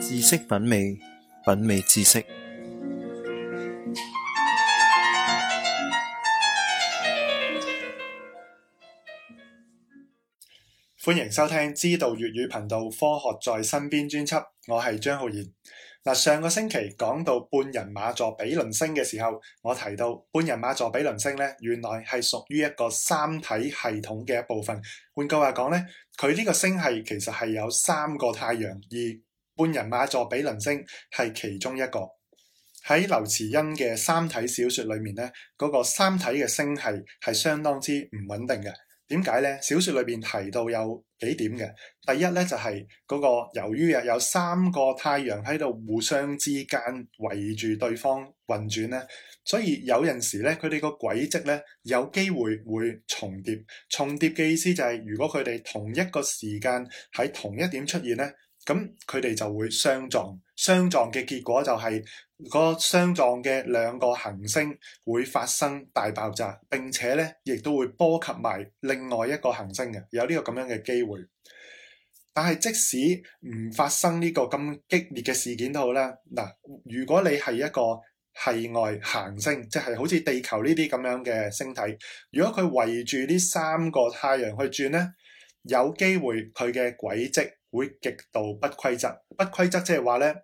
知識品味，品味知識。歡迎收聽《知道粵語頻道》《科學在身邊》專輯，我係張浩然。嗱，上個星期講到半人馬座比鄰星嘅時候，我提到半人馬座比鄰星呢，原來係屬於一個三體系統嘅一部分。換句話講呢，佢呢個星系其實係有三個太陽，而半人馬座比鄰星係其中一個。喺劉慈欣嘅三體小説裏面呢，嗰個三體嘅星系係相當之唔穩定嘅。點解呢？小説裏邊提到有幾點嘅？第一咧就係嗰個，由於啊有三個太陽喺度互相之間圍住對方運轉咧，所以有陣時咧佢哋個軌跡咧有機會會重疊。重疊嘅意思就係如果佢哋同一個時間喺同一點出現咧。咁佢哋就會相撞，相撞嘅結果就係個相撞嘅兩個行星會發生大爆炸，並且咧亦都會波及埋另外一個行星嘅，有呢個咁樣嘅機會。但係即使唔發生呢個咁激烈嘅事件都好啦。嗱，如果你係一個系外行星，即係好似地球呢啲咁樣嘅星體，如果佢圍住呢三個太陽去轉咧，有機會佢嘅軌跡會極度不規則，不規則即係話呢，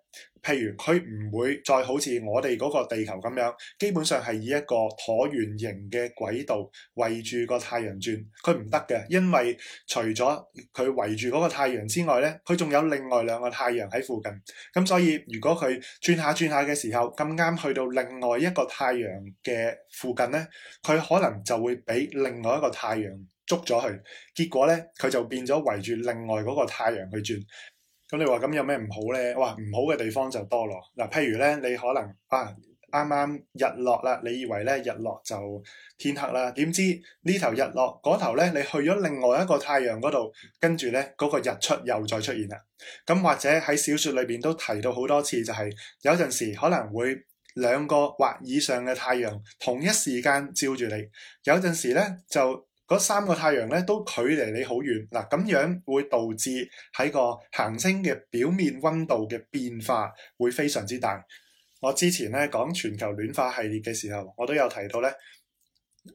譬如佢唔會再好似我哋嗰個地球咁樣，基本上係以一個橢圓形嘅軌道圍住個太陽轉，佢唔得嘅，因為除咗佢圍住嗰個太陽之外呢，佢仲有另外兩個太陽喺附近，咁所以如果佢轉下轉下嘅時候，咁啱去到另外一個太陽嘅附近呢，佢可能就會俾另外一個太陽。捉咗佢，結果呢，佢就變咗圍住另外嗰個太陽去轉。咁你話咁有咩唔好呢？哇，唔好嘅地方就多咯。嗱，譬如呢，你可能啊，啱啱日落啦，你以為呢日落就天黑啦，點知呢頭日落，嗰頭呢，你去咗另外一個太陽嗰度，跟住呢嗰個日出又再出現啦。咁或者喺小說裏邊都提到好多次，就係有陣時可能會兩個或以上嘅太陽同一時間照住你，有陣時呢，就。嗰三個太陽咧都距離你好遠嗱，咁樣會導致喺個行星嘅表面温度嘅變化會非常之大。我之前咧講全球暖化系列嘅時候，我都有提到咧，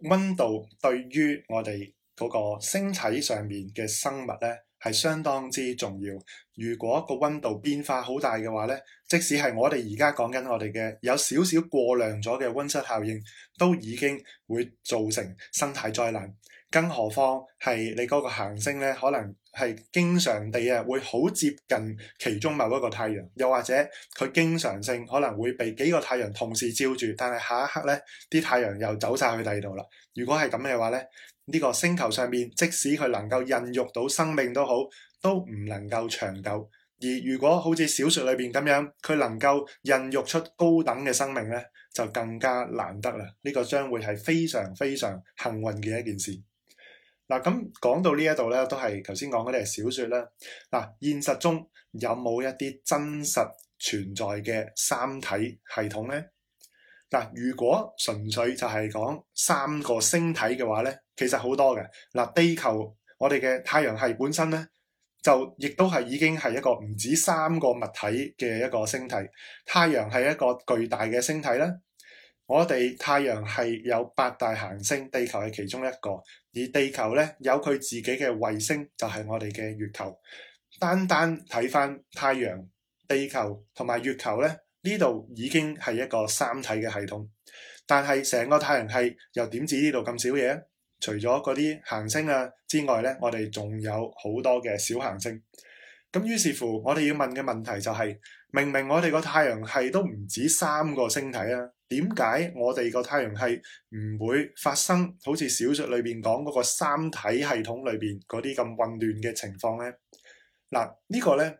温度對於我哋嗰個星體上面嘅生物咧係相當之重要。如果個温度變化好大嘅話咧，即使係我哋而家講緊我哋嘅有少少過量咗嘅温室效應，都已經會造成生態災難。更何況係你嗰個行星咧，可能係經常地啊，會好接近其中某一個太陽，又或者佢經常性可能會被幾個太陽同時照住。但係下一刻咧，啲太陽又走晒去第二度啦。如果係咁嘅話咧，呢個星球上面即使佢能夠孕育到生命都好，都唔能夠長久。而如果好似小説裏邊咁樣，佢能夠孕育出高等嘅生命咧，就更加難得啦。呢個將會係非常非常幸運嘅一件事。嗱，咁講到呢一度咧，都係頭先講嗰啲係小說啦。嗱，現實中有冇一啲真實存在嘅三體系統咧？嗱，如果純粹就係講三個星體嘅話咧，其實好多嘅。嗱，地球我哋嘅太陽系本身咧，就亦都係已經係一個唔止三個物體嘅一個星體。太陽係一個巨大嘅星體咧。我哋太陽系有八大行星，地球係其中一個。而地球呢，有佢自己嘅衛星，就係我哋嘅月球。單單睇翻太陽、地球同埋月球呢，呢度已經係一個三體嘅系統。但係成個太陽系又點止呢度咁少嘢？除咗嗰啲行星啊之外呢，我哋仲有好多嘅小行星。咁於是乎，我哋要問嘅問題就係：明明我哋個太陽系都唔止三個星體啊！點解我哋個太陽系唔會發生好似小說裏邊講嗰個三體系統裏邊嗰啲咁混亂嘅情況呢？嗱、這、呢個呢，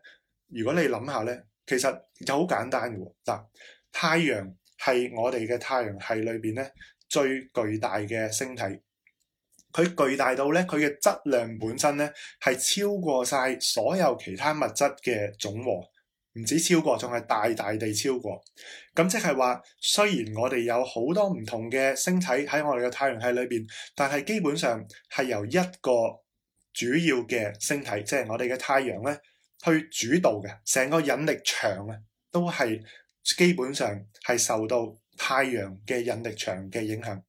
如果你諗下呢，其實就好簡單嘅。嗱，太陽係我哋嘅太陽系裏邊呢，最巨大嘅星體，佢巨大到呢，佢嘅質量本身呢係超過晒所有其他物質嘅總和。唔止超過，仲係大大地超過，咁即係話，雖然我哋有好多唔同嘅星體喺我哋嘅太陽系裏邊，但係基本上係由一個主要嘅星體，即係我哋嘅太陽咧，去主導嘅，成個引力場咧，都係基本上係受到太陽嘅引力場嘅影響。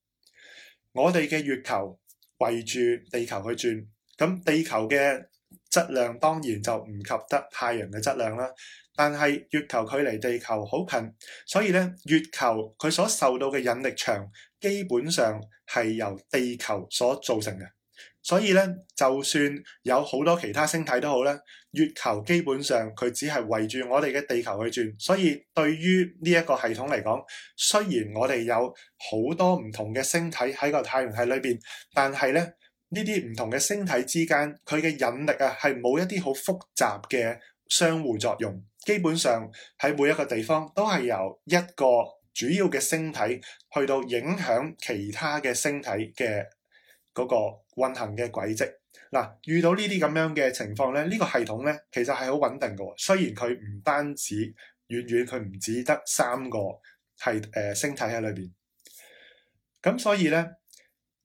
我哋嘅月球圍住地球去轉，咁地球嘅，質量當然就唔及得太陽嘅質量啦，但係月球距離地球好近，所以咧月球佢所受到嘅引力場基本上係由地球所造成嘅，所以咧就算有好多其他星體都好咧，月球基本上佢只係圍住我哋嘅地球去轉，所以對於呢一個系統嚟講，雖然我哋有好多唔同嘅星體喺個太陽系裏邊，但係咧。呢啲唔同嘅星體之間，佢嘅引力啊，係冇一啲好複雜嘅相互作用。基本上喺每一個地方都係由一個主要嘅星體去到影響其他嘅星體嘅嗰個運行嘅軌跡。嗱，遇到呢啲咁樣嘅情況咧，呢個系統咧其實係好穩定嘅。雖然佢唔單止遠遠，佢唔只得三個係誒、呃、星體喺裏邊。咁所以咧。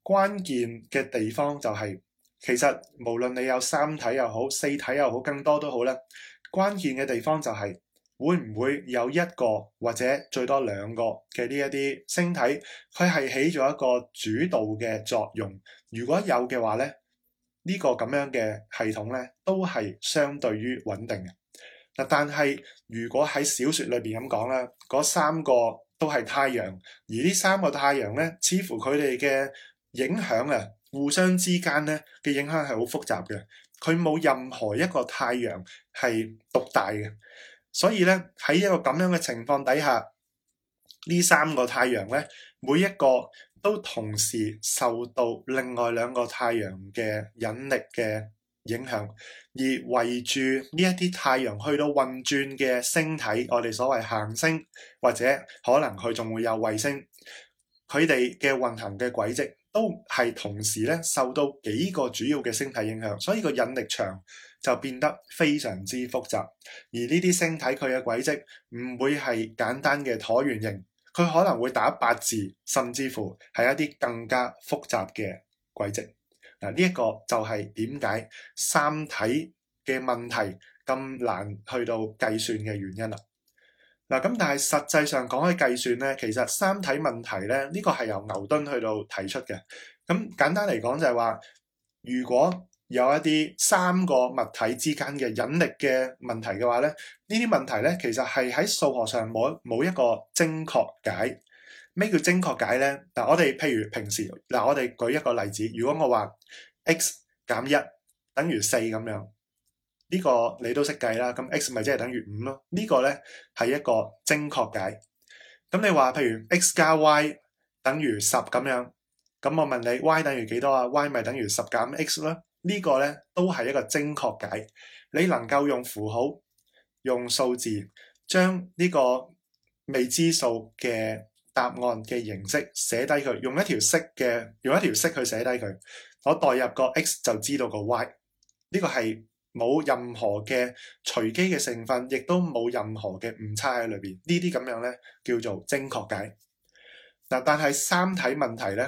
關鍵嘅地方就係，其實無論你有三體又好、四體又好、更多都好咧，關鍵嘅地方就係會唔會有一個或者最多兩個嘅呢一啲星體，佢係起咗一個主導嘅作用。如果有嘅話咧，呢個咁樣嘅系統咧都係相對於穩定嘅。但係如果喺小說裏邊咁講啦，嗰三個都係太陽，而呢三個太陽咧，似乎佢哋嘅影響啊，互相之間咧嘅影響係好複雜嘅。佢冇任何一個太陽係獨大嘅，所以咧喺一個咁樣嘅情況底下，呢三個太陽咧每一個都同時受到另外兩個太陽嘅引力嘅影響，而圍住呢一啲太陽去到運轉嘅星體，我哋所謂行星或者可能佢仲會有衛星，佢哋嘅運行嘅軌跡，都係同時咧受到幾個主要嘅星體影響，所以個引力場就變得非常之複雜。而呢啲星體佢嘅軌跡唔會係簡單嘅橢圓形，佢可能會打八字，甚至乎係一啲更加複雜嘅軌跡。嗱、啊，呢、這、一個就係點解三體嘅問題咁難去到計算嘅原因啦。嗱，咁但係實際上講起計算咧，其實三體問題咧，呢個係由牛頓去到提出嘅。咁簡單嚟講就係話，如果有一啲三個物體之間嘅引力嘅問題嘅話咧，呢啲問題咧，其實係喺數學上冇冇一個精確解。咩叫精確解咧？嗱，我哋譬如平時，嗱我哋舉一個例子，如果我話 x 減一等於四咁樣。呢個你都識計啦，咁 x 咪即係等於五咯？呢個咧係一個精確解。咁你話，譬如 x 加 y 等於十咁樣，咁我問你 y 等於幾多啊？y 咪等於十減 x 咯？呢個咧都係一個精確解。你能夠用符號、用數字將呢個未知數嘅答案嘅形式寫低佢，用一條式嘅、用一條式去寫低佢，我代入個 x 就知道個 y 呢個係。冇任何嘅隨機嘅成分，亦都冇任何嘅誤差喺裏邊。這這呢啲咁樣咧叫做精確解。嗱，但係三體問題咧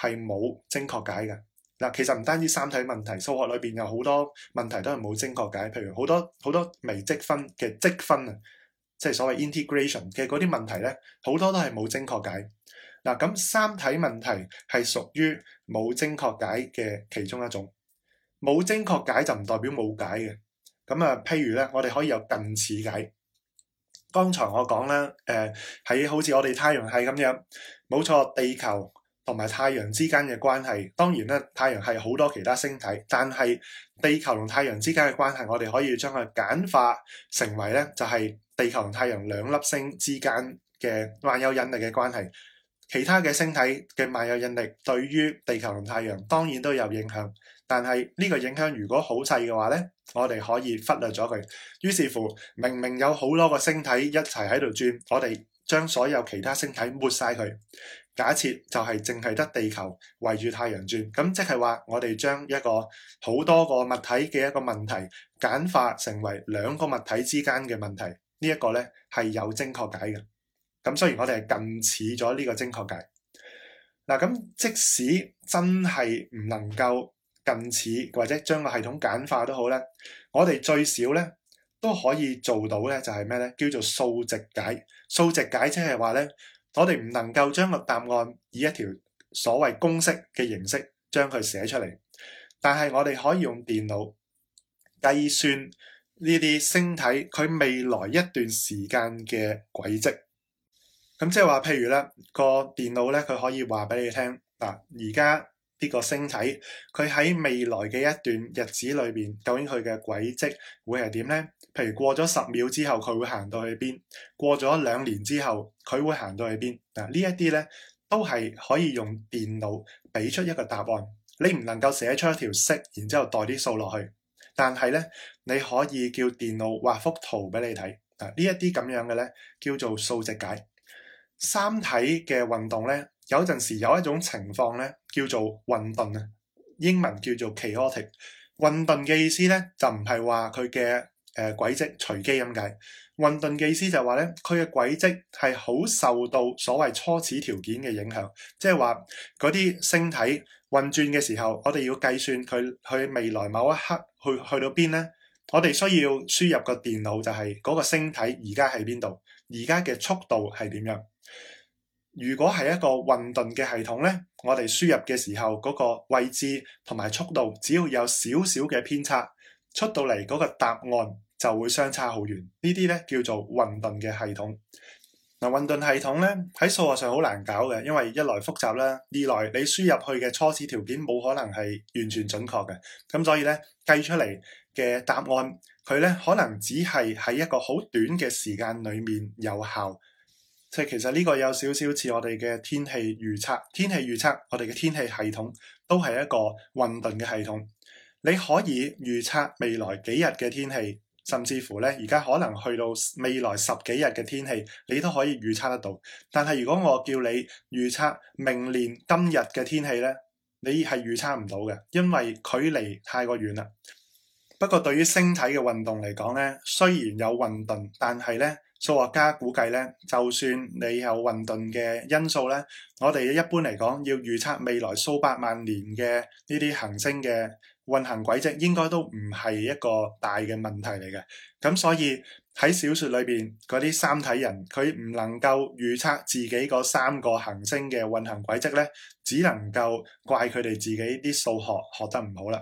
係冇精確解嘅。嗱，其實唔單止三體問題，數學裏邊有好多問題都係冇精確解。譬如好多好多微積分嘅積分啊，即係所謂 integration 嘅嗰啲問題咧，好多都係冇精確解。嗱，咁三體問題係屬於冇精確解嘅其中一種。冇精確解就唔代表冇解嘅，咁啊，譬如咧，我哋可以有近似解。剛才我講啦，誒、呃、喺好似我哋太陽系咁樣，冇錯，地球同埋太陽之間嘅關係，當然咧，太陽系好多其他星體，但係地球同太陽之間嘅關係，我哋可以將佢簡化成為咧，就係、是、地球同太陽兩粒星之間嘅萬有引力嘅關係。其他嘅星體嘅萬有引力對於地球同太陽當然都有影響。但係呢個影響如果好細嘅話呢，我哋可以忽略咗佢。於是乎，明明有好多個星體一齊喺度轉，我哋將所有其他星體抹晒佢。假設就係淨係得地球圍住太陽轉，咁即係話我哋將一個好多個物體嘅一個問題簡化成為兩個物體之間嘅問題，呢一個呢係有精確解嘅。咁雖然我哋係近似咗呢個精確解。嗱，咁即使真係唔能夠。近似或者將個系統簡化都好咧，我哋最少咧都可以做到咧，就係咩咧？叫做數值解。數值解即係話咧，我哋唔能夠將個答案以一條所謂公式嘅形式將佢寫出嚟，但係我哋可以用電腦計算呢啲星體佢未來一段時間嘅軌跡。咁即係話，譬如咧個電腦咧，佢可以話俾你聽嗱，而家，呢個星體，佢喺未來嘅一段日子裏邊，究竟佢嘅軌跡會係點呢？譬如過咗十秒之後，佢會行到去邊？過咗兩年之後，佢會行到去邊？嗱，呢一啲呢，都係可以用電腦俾出一個答案。你唔能夠寫出一條式，然之後代啲數落去，但係呢，你可以叫電腦畫幅圖俾你睇。嗱，呢一啲咁樣嘅呢，叫做數值解。三體嘅運動呢，有陣時有一種情況呢。叫做混沌啊，英文叫做 chaotic。混沌嘅意思咧就唔係話佢嘅誒軌跡隨機咁解。「混沌嘅意思就係話咧佢嘅軌跡係好受到所謂初始條件嘅影響，即係話嗰啲星體運轉嘅時候，我哋要計算佢去未來某一刻去去到邊咧，我哋需要輸入個電腦就係、是、嗰個星體而家喺邊度，而家嘅速度係點樣？如果係一個混沌嘅系統咧，我哋輸入嘅時候嗰個位置同埋速度，只要有少少嘅偏差，出到嚟嗰個答案就會相差好遠。呢啲咧叫做混沌嘅系統。嗱，混沌系統咧喺數學上好難搞嘅，因為一來複雜啦，二來你輸入去嘅初始條件冇可能係完全準確嘅，咁所以咧計出嚟嘅答案，佢咧可能只係喺一個好短嘅時間裏面有效。即其實呢個有少少似我哋嘅天氣預測，天氣預測我哋嘅天氣系統都係一個混沌嘅系統。你可以預測未來幾日嘅天氣，甚至乎呢而家可能去到未來十幾日嘅天氣，你都可以預測得到。但係如果我叫你預測明年今日嘅天氣呢，你係預測唔到嘅，因為距離太過遠啦。不過對於星體嘅運動嚟講呢，雖然有混沌，但係呢。數學家估計咧，就算你有混沌嘅因素咧，我哋一般嚟講要預測未來數百萬年嘅呢啲行星嘅運行軌跡，應該都唔係一個大嘅問題嚟嘅。咁所以喺小説裏邊嗰啲三體人，佢唔能夠預測自己嗰三個行星嘅運行軌跡咧，只能夠怪佢哋自己啲數學學得唔好啦。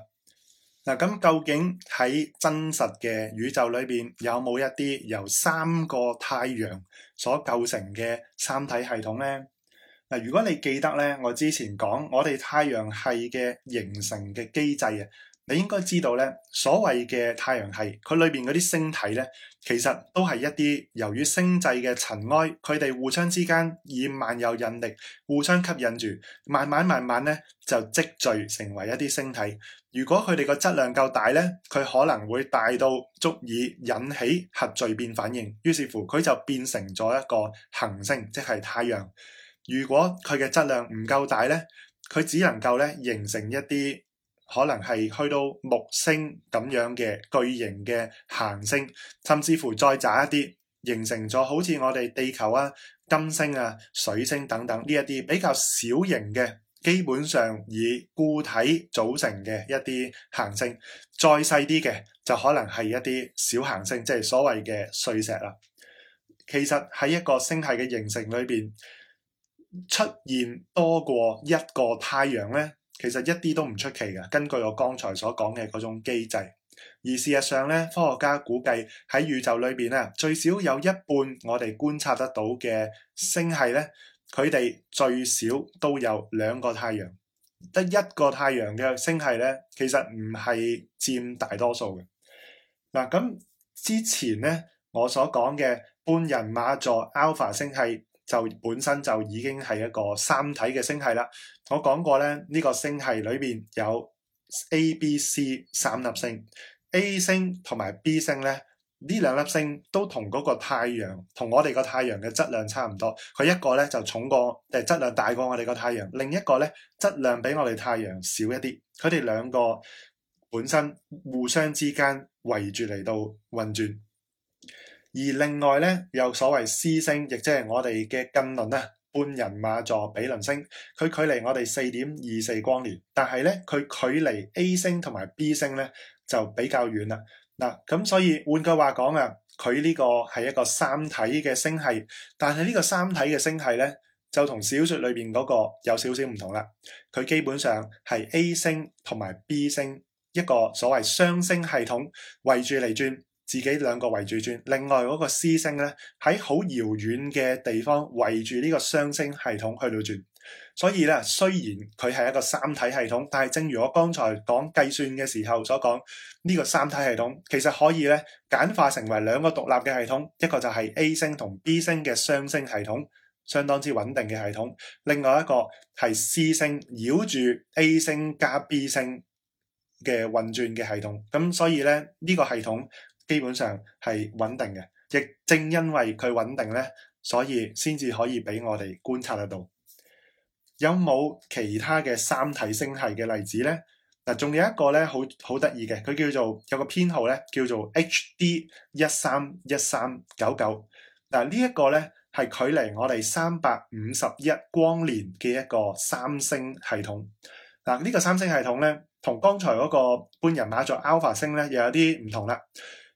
嗱，咁究竟喺真實嘅宇宙裏邊有冇一啲由三個太陽所構成嘅三體系統咧？嗱，如果你記得咧，我之前講我哋太陽系嘅形成嘅機制啊。你應該知道咧，所謂嘅太陽系，佢裏邊嗰啲星體咧，其實都係一啲由於星際嘅塵埃，佢哋互相之間以萬有引力互相吸引住，慢慢慢慢咧就積聚成為一啲星體。如果佢哋個質量夠大咧，佢可能會大到足以引起核聚變反應，於是乎佢就變成咗一個恆星，即係太陽。如果佢嘅質量唔夠大咧，佢只能夠咧形成一啲。可能係去到木星咁樣嘅巨型嘅行星，甚至乎再窄一啲，形成咗好似我哋地球啊、金星啊、水星等等呢一啲比較小型嘅，基本上以固體組成嘅一啲行星。再細啲嘅，就可能係一啲小行星，即係所謂嘅碎石啦。其實喺一個星系嘅形成裏邊，出現多過一個太陽呢。其實一啲都唔出奇嘅，根據我剛才所講嘅嗰種機制。而事實上咧，科學家估計喺宇宙裏邊咧，最少有一半我哋觀察得到嘅星系咧，佢哋最少都有兩個太陽。得一個太陽嘅星系咧，其實唔係佔大多數嘅。嗱，咁之前咧，我所講嘅半人馬座 Alpha 星系。就本身就已經係一個三體嘅星系啦。我講過咧，呢個星系裏邊有 A、B、C 三粒星。A 星同埋 B 星咧，呢兩粒星都同嗰個太陽，同我哋個太陽嘅質量差唔多。佢一個咧就重過，誒質量大過我哋個太陽；另一個咧質量比我哋太陽少一啲。佢哋兩個本身互相之間圍住嚟到運轉。而另外咧，有所謂 C 星，亦即係我哋嘅近鄰啦，半人馬座比鄰星，佢距離我哋四點二四光年，但係咧，佢距離 A 星同埋 B 星咧就比較遠啦。嗱，咁所以換句話講啊，佢呢個係一個三體嘅星系，但係呢個三體嘅星系咧，就同小說裏邊嗰個有少少唔同啦。佢基本上係 A 星同埋 B 星一個所謂雙星系統圍住嚟轉。自己兩個圍住轉，另外嗰個 C 星咧喺好遙遠嘅地方圍住呢個雙星系統去到轉，所以咧雖然佢係一個三體系統，但係正如我剛才講計算嘅時候所講，呢個三體系統其實可以咧簡化成為兩個獨立嘅系統，一個就係 A 星同 B 星嘅雙星系統，相當之穩定嘅系統；另外一個係 C 星繞住 A 星加 B 星嘅運轉嘅系統。咁所以咧呢個系統，基本上係穩定嘅，亦正因為佢穩定咧，所以先至可以俾我哋觀察得到。有冇其他嘅三體星系嘅例子咧？嗱，仲有一個咧，好好得意嘅，佢叫做有個編號咧，叫做 HD 一三一三九九。嗱，呢一個咧係距離我哋三百五十一光年嘅一個三星系統。嗱，呢個三星系統咧，同剛才嗰個半人馬座 Alpha 星咧，又有啲唔同啦。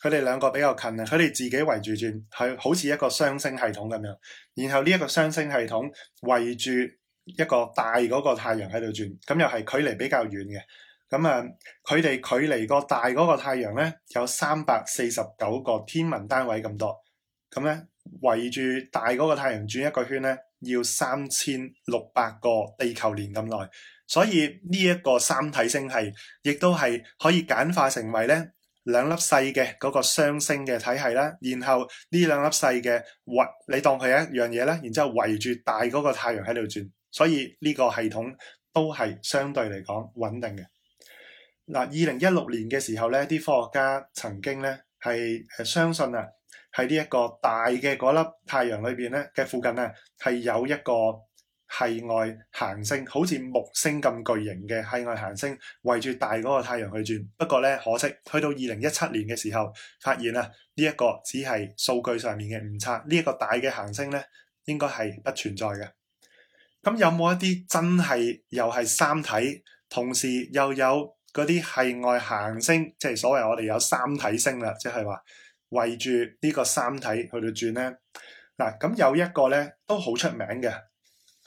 佢哋兩個比較近啊，佢哋自己圍住轉，係好似一個雙星系統咁樣。然後呢一個雙星系統圍住一個大嗰個太陽喺度轉，咁又係距離比較遠嘅。咁啊，佢哋距離個大嗰個太陽呢，有三百四十九個天文單位咁多。咁呢圍住大嗰個太陽轉一個圈呢，要三千六百個地球年咁耐。所以呢一個三體星系，亦都係可以簡化成為呢。兩粒細嘅嗰個雙星嘅體系啦，然後呢兩粒細嘅圍，你當佢一樣嘢咧，然之後圍住大嗰個太陽喺度轉，所以呢個系統都係相對嚟講穩定嘅。嗱，二零一六年嘅時候咧，啲科學家曾經咧係係相信啊，喺呢一個大嘅嗰粒太陽裏邊咧嘅附近啊，係有一個系外行星好似木星咁巨型嘅系外行星，圍住大嗰個太陽去轉。不過咧，可惜去到二零一七年嘅時候，發現啊呢一個只係數據上面嘅誤差。呢一個大嘅行星咧，應該係不存在嘅。咁有冇一啲真係又係三體，同時又有嗰啲系外行星，即係所謂我哋有三體星啦，即係話圍住呢個三體去到轉咧。嗱，咁有一個咧都好出名嘅。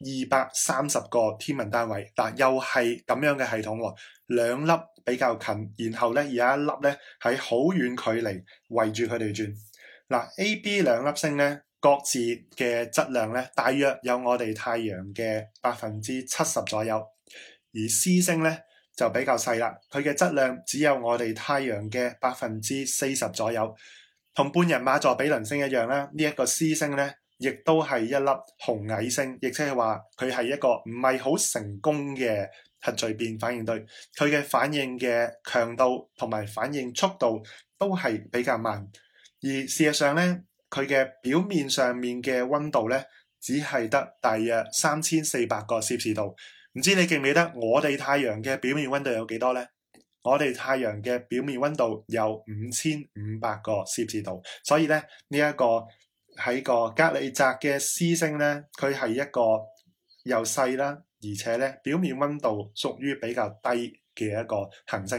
二百三十個天文單位，嗱，又係咁樣嘅系統喎，兩粒比較近，然後咧有一粒咧喺好遠距離圍住佢哋轉，嗱，A、B 兩粒星咧，各自嘅質量咧大約有我哋太陽嘅百分之七十左右，而 C 星咧就比較細啦，佢嘅質量只有我哋太陽嘅百分之四十左右，同半人馬座比鄰星一樣啦，呢一個 C 星咧。亦都係一粒紅矮星，亦即係話佢係一個唔係好成功嘅核聚變反應堆，佢嘅反應嘅強度同埋反應速度都係比較慢。而事實上咧，佢嘅表面上面嘅溫度咧，只係得大約三千四百個攝氏度。唔知你記唔記得我哋太陽嘅表面溫度有幾多呢？我哋太陽嘅表面溫度有五千五百個攝氏度，所以咧呢一個。喺個格利澤嘅獅星咧，佢係一個又細啦，而且咧，表面溫度屬於比較低嘅一個行星。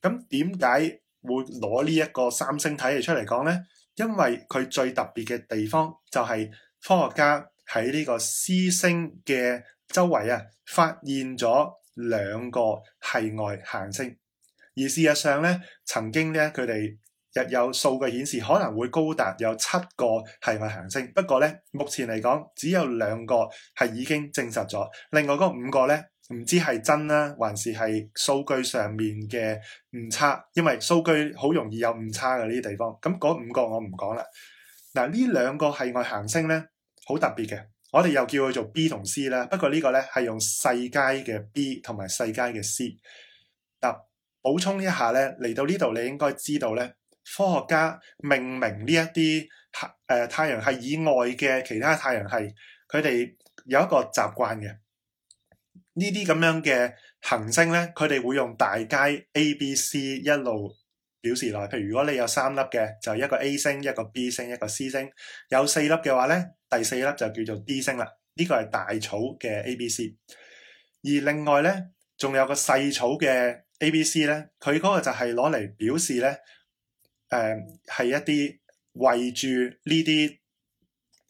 咁點解會攞呢一個三星體嚟出嚟講咧？因為佢最特別嘅地方就係科學家喺呢個獅星嘅周圍啊，發現咗兩個系外行星。而事實上咧，曾經咧佢哋。日有數據顯示可能會高達有七個係外行星，不過咧，目前嚟講只有兩個係已經證實咗，另外嗰五個咧唔知係真啦、啊，還是係數據上面嘅誤差，因為數據好容易有誤差嘅呢啲地方。咁嗰五個我唔講啦。嗱，呢兩個係外行星咧，好特別嘅，我哋又叫佢做 B 同 C 啦。不過呢個咧係用細楷嘅 B 同埋細楷嘅 C。嗱，補充一下咧，嚟到呢度你應該知道咧。科學家命名呢一啲誒太陽系以外嘅其他太陽系，佢哋有一個習慣嘅呢啲咁樣嘅行星咧，佢哋會用大街 A、B、C 一路表示落。譬如，如果你有三粒嘅，就一個 A 星，一個 B 星，一個 C 星。有四粒嘅話咧，第四粒就叫做 D 星啦。呢個係大草嘅 A、B、C。而另外咧，仲有個細草嘅 A、B、C 咧，佢嗰個就係攞嚟表示咧。誒，係、嗯、一啲圍住呢啲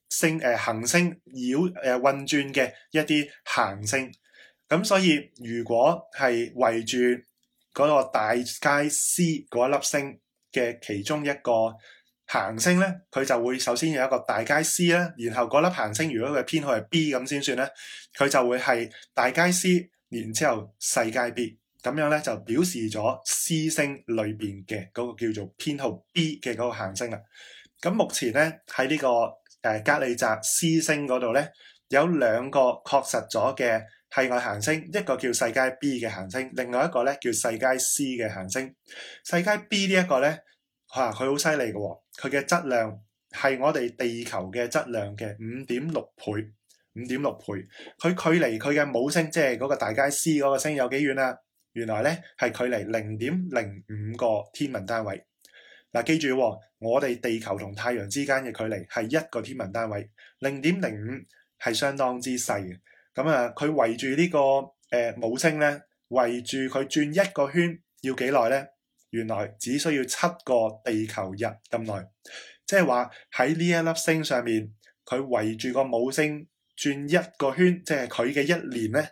星誒行星繞誒運轉嘅一啲行星，咁、呃、所以如果係圍住嗰個大街 C 嗰一粒星嘅其中一個行星咧，佢就會首先有一個大街 C 啦，然後嗰粒行星如果佢編號係 B 咁先算咧，佢就會係大街 C，然之後細街 B。咁樣咧就表示咗 C 星裏邊嘅嗰個叫做編號 B 嘅嗰個行星啦。咁目前咧喺呢、這個誒、呃、格利澤 C 星嗰度咧有兩個確實咗嘅係外行星，一個叫世界 B 嘅行星，另外一個咧叫世界 C 嘅行星。世界 B 呢一個咧嚇佢好犀利嘅，佢嘅質量係我哋地球嘅質量嘅五點六倍，五點六倍。佢距離佢嘅母星，即係嗰個大街 C 嗰個星有幾遠啊？原來咧係距離零點零五個天文單位。嗱、啊，記住、哦，我哋地球同太陽之間嘅距離係一個天文單位，零點零五係相當之細嘅。咁啊，佢圍住呢、這個誒、呃、母星咧，圍住佢轉一個圈要幾耐咧？原來只需要七個地球日咁耐。即係話喺呢一粒星上面，佢圍住個母星轉一個圈，即係佢嘅一年咧。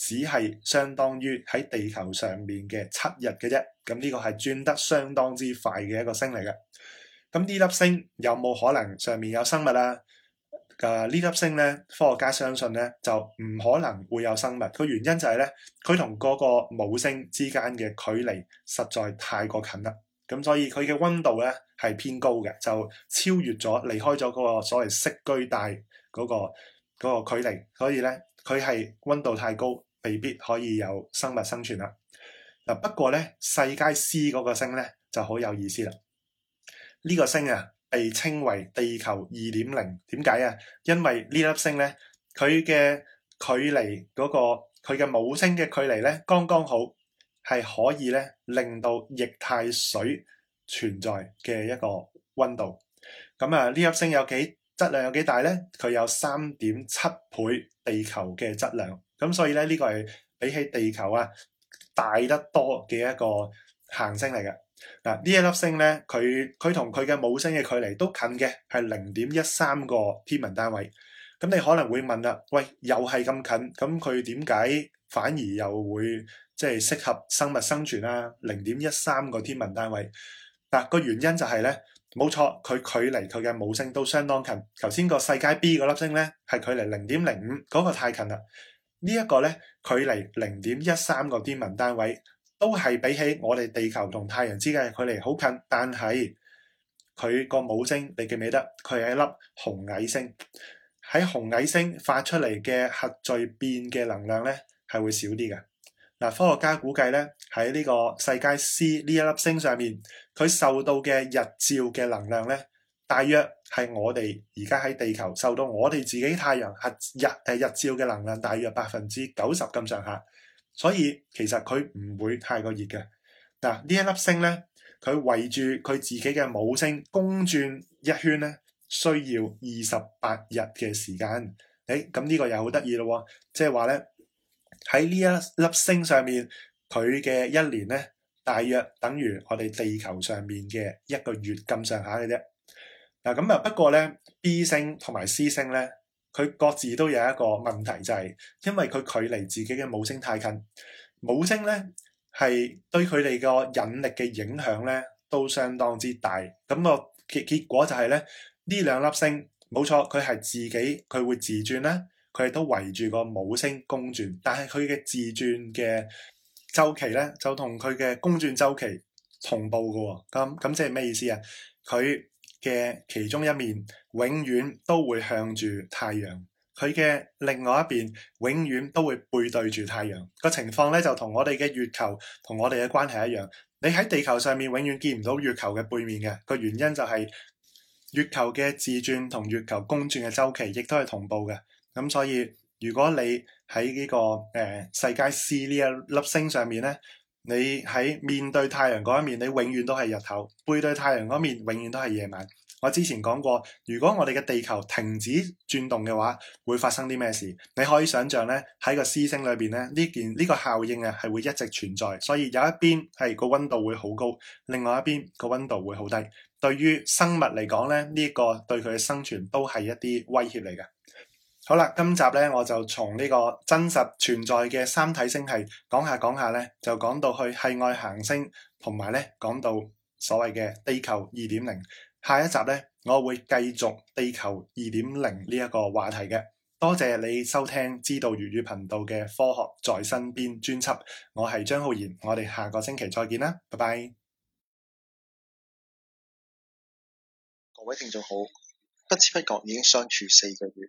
只係相當於喺地球上面嘅七日嘅啫，咁呢個係轉得相當之快嘅一個星嚟嘅。咁呢粒星有冇可能上面有生物啊？啊，呢粒星咧，科學家相信咧就唔可能會有生物。個原因就係咧，佢同嗰個母星之間嘅距離實在太過近啦。咁所以佢嘅溫度咧係偏高嘅，就超越咗離開咗嗰個所謂適居帶嗰個、嗰個嗰個嗰個距離，所以咧佢係溫度太高。未必可以有生物生存啦。嗱，不過咧，世界 C 嗰個星咧就好有意思啦。呢個星啊，被稱為地球二點零，點解啊？因為呢粒星咧，佢嘅距離嗰個佢嘅母星嘅距離咧，剛剛好係可以咧令到液態水存在嘅一個溫度。咁啊，呢粒星有幾質量有幾大咧？佢有三點七倍地球嘅質量。咁所以咧，呢個係比起地球啊大得多嘅一個行星嚟嘅。嗱，呢一粒星咧，佢佢同佢嘅母星嘅距離都近嘅，係零點一三個天文單位。咁你可能會問啦，喂，又係咁近，咁佢點解反而又會即係適合生物生存啊？零點一三個天文單位。嗱，個原因就係咧，冇錯，佢距離佢嘅母星都相當近。頭先個世界 B 嗰粒星咧，係距離零點零五，嗰個太近啦。呢一個咧，距離零點一三個天文單位，都係比起我哋地球同太陽之間嘅距離好近。但係佢個母星你記唔記得？佢係一粒紅矮星，喺紅矮星發出嚟嘅核聚變嘅能量咧，係會少啲嘅。嗱，科學家估計咧，喺呢個世界 C 呢一粒星上面，佢受到嘅日照嘅能量咧。大約係我哋而家喺地球受到我哋自己太陽日誒日照嘅能量，大約百分之九十咁上下。所以其實佢唔會太過熱嘅。嗱。啊、一呢一粒星咧，佢圍住佢自己嘅母星公轉一圈咧，需要二十八日嘅時間。誒咁呢個又好得意咯，即係話咧，喺呢一粒星上面，佢嘅一年咧大約等於我哋地球上面嘅一個月咁上下嘅啫。嗱咁啊，不過咧 B 星同埋 C 星咧，佢各自都有一個問題，就係因為佢距離自己嘅母星太近，母星咧係對佢哋個引力嘅影響咧都相當之大。咁個結結果就係咧呢兩粒星，冇錯，佢係自己佢會自轉啦，佢都圍住個母星公轉，但係佢嘅自轉嘅週期咧就同佢嘅公轉週期同步㗎喎。咁咁即係咩意思啊？佢？嘅其中一面永遠都會向住太陽，佢嘅另外一邊永遠都會背對住太陽。個情況咧就同我哋嘅月球同我哋嘅關係一樣。你喺地球上面永遠見唔到月球嘅背面嘅，個原因就係、是、月球嘅自轉同月球公轉嘅周期亦都係同步嘅。咁所以如果你喺呢、這個誒、呃、世界 C 呢一粒星上面咧。你喺面對太陽嗰一面，你永遠都係日頭；背對太陽嗰面，永遠都係夜晚。我之前講過，如果我哋嘅地球停止轉動嘅話，會發生啲咩事？你可以想象咧，喺個司星裏邊咧，呢件呢個效應嘅係會一直存在，所以有一邊係個溫度會好高，另外一邊個溫度會好低。對於生物嚟講咧，呢個對佢嘅生存都係一啲威脅嚟嘅。好啦，今集咧我就從呢個真實存在嘅三體星系講下講下咧，就講到去系外行星，同埋咧講到所謂嘅地球二點零。下一集咧我會繼續地球二點零呢一個話題嘅。多謝你收聽知道粵語頻道嘅科學在身邊專輯。我係張浩然，我哋下個星期再見啦，拜拜。各位聽眾好，不知不覺已經相處四個月。